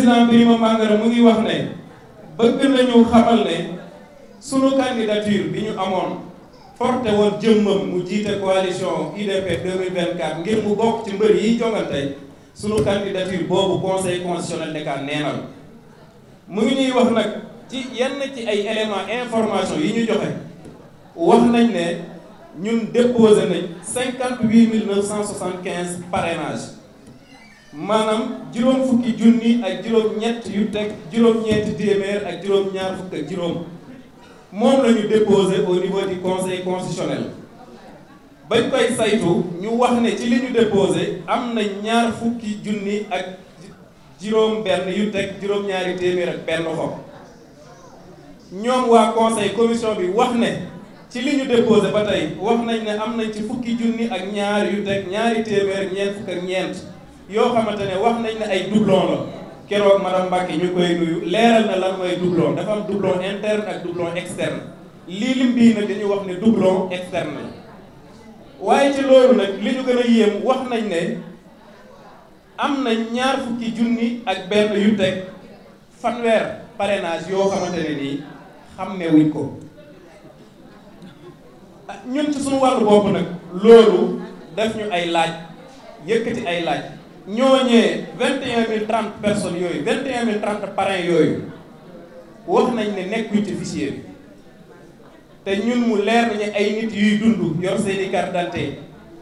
président Birima Mangara mu ngi wax ne bëgg nañu xamal ne sunu candidature bi ñu amoon forte woon jëmmam mu jiite coalition UDP 2024 ngir mu bokk ci mbër yi jongante sunu candidature boobu conseil constitutionnel nekkaat neenal mu ngi ñuy wax nag ci yenn ci ay éléments information yi ñu joxe wax nañ ne ñun déposé nañ cinquante huit mille cent soixante quinze parrainage maanaam juróom fukki junni ak juróom-ñett yu teg juróom-ñeenti téeméer ak juróom-ñaar fukk ak juróom moom lañu ñu déposé au niveau du conseil bañ koy saytu ñu wax ne ci li ñu déposé am na ñaar fukki junni ak juróom benn yu teg juróom-ñaari téeméer ak benn xob ñoom waa conseil commission bi wax ne ci li ñu déposé ba tey wax nañ ne am nañ ci fukki junni ak ñaar yu teg ñaari téeméer ñeent fukk ak ñeent yoo xamante ne wax nañ ne ay doublon la keroog madame Mbacke ñu koy nuyu leeral na lan mooy doublon dafa am doublon interne ak doublon externe lii lim bii nag dañuy wax ne doublon externe la waaye ci loolu nag li ñu gën a yéem wax nañ ne am na ñaar fukki junni ak benn yu teg fanweer parrainage yoo xamante ne nii xàmmewuñ ko ah, ñun ci suñu wàllu bopp nag loolu def ñu ay laaj yëkkati ay laaj ñooñee vingt et un mille trente yooyu vingt et un mille trente yooyu wax nañ ne nekkuñ ci fichier bi te ñun mu leer nañu ay nit yuy dund yor seen i carte d'identité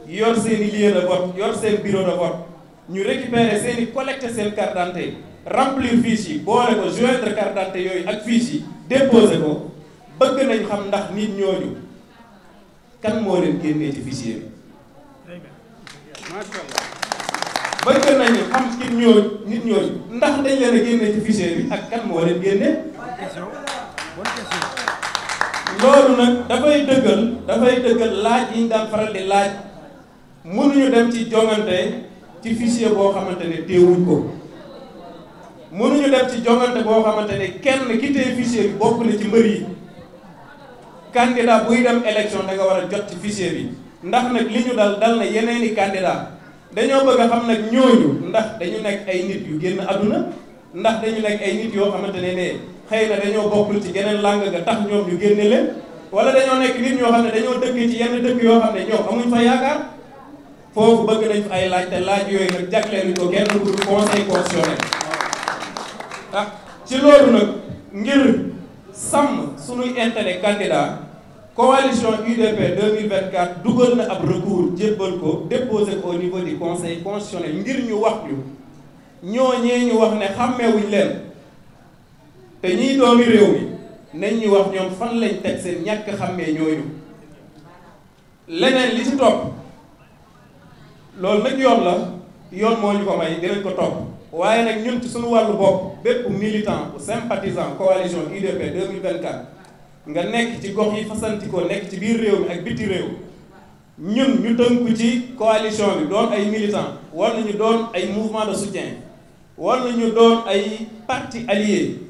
yor seen i lieu de vote yor seen bureau de vote ñu récupérer seen i collecté seen carte d'identité remplir fiche yi boole ko joindre carte d'identité yooyu ak fiche yi déposer ko bëgg nañ xam ndax nit ñooñu kan moo leen génnee ci fichier bi. bëgg nañu xam nit ñooñu nit ñooñu ndax dañ leen a génne ci fichier bi ak kan moo leen génne. loolu nag dafay dëggal dafay dëggal laaj yi ñu daan faral di laaj mënuñu dem ci jongante ci fichier boo xamante ne teewuñ ko mënuñu dem ci jongante boo xamante ne kenn ki tey bi bokk na ci mbër yi candidat buy dem élection da nga war a jot ci fichier bi ndax nag li ñu dal dal na yeneen i dañoo bëgg a xam nag ñooñu ndax dañu nekk ay nit yu génn àdduna ndax dañu nekk ay nit yoo xamante ne ne xëy na dañoo bokkul ci geneen langue ga tax ñoom ñu génne leen wala dañoo nekk nit ñoo xam ne dañoo dëkk ci yenn dëkk yoo xam ne ñoom amuñ fa yaakaar foofu bëgg nañ ay laaj laaj yooyu nag jagleeluñ ko kenn ku dul conseil constitutionnel ah ci loolu nag ngir sàmm suñuy intérêt candidat coalition UDP 2024 dugal na ab recours jébbal ko déposé ko au niveau du conseil constitutionnel ngir ñu wax ñu ñooñee ñu wax ne xàmmewuñ leen te ñiy doomi réew mi nañ ñu wax ñoom fan lañ teg seen ñàkk xàmmee ñooñu leneen li ci topp loolu nag yoon la yoon moo ñu ko may dinañ ko topp waaye nag ñun ci suñu wàllu bopp bépp militant ou sympathisant coalition UDP 2024 nga nekk ci gox yi fasantikoo nekk ci biir réew mi ak bitti réew ñun ñu tënku ci coalition bi doon ay militants war nañu doon ay mouvement de soutien war nañu doon ay parti allié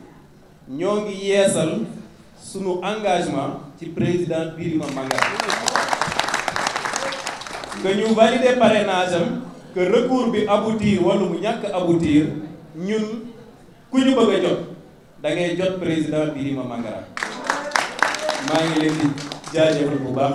ñoo ngi yeesal sunu engagement ci président Birima Mangara que ñu valider parrainage am que recours bi aboutir wala mu ñàkk aboutir ku ñu bëgg da ngay jot président Birima Mangara maa ngi leen di jaajëfal bu baax.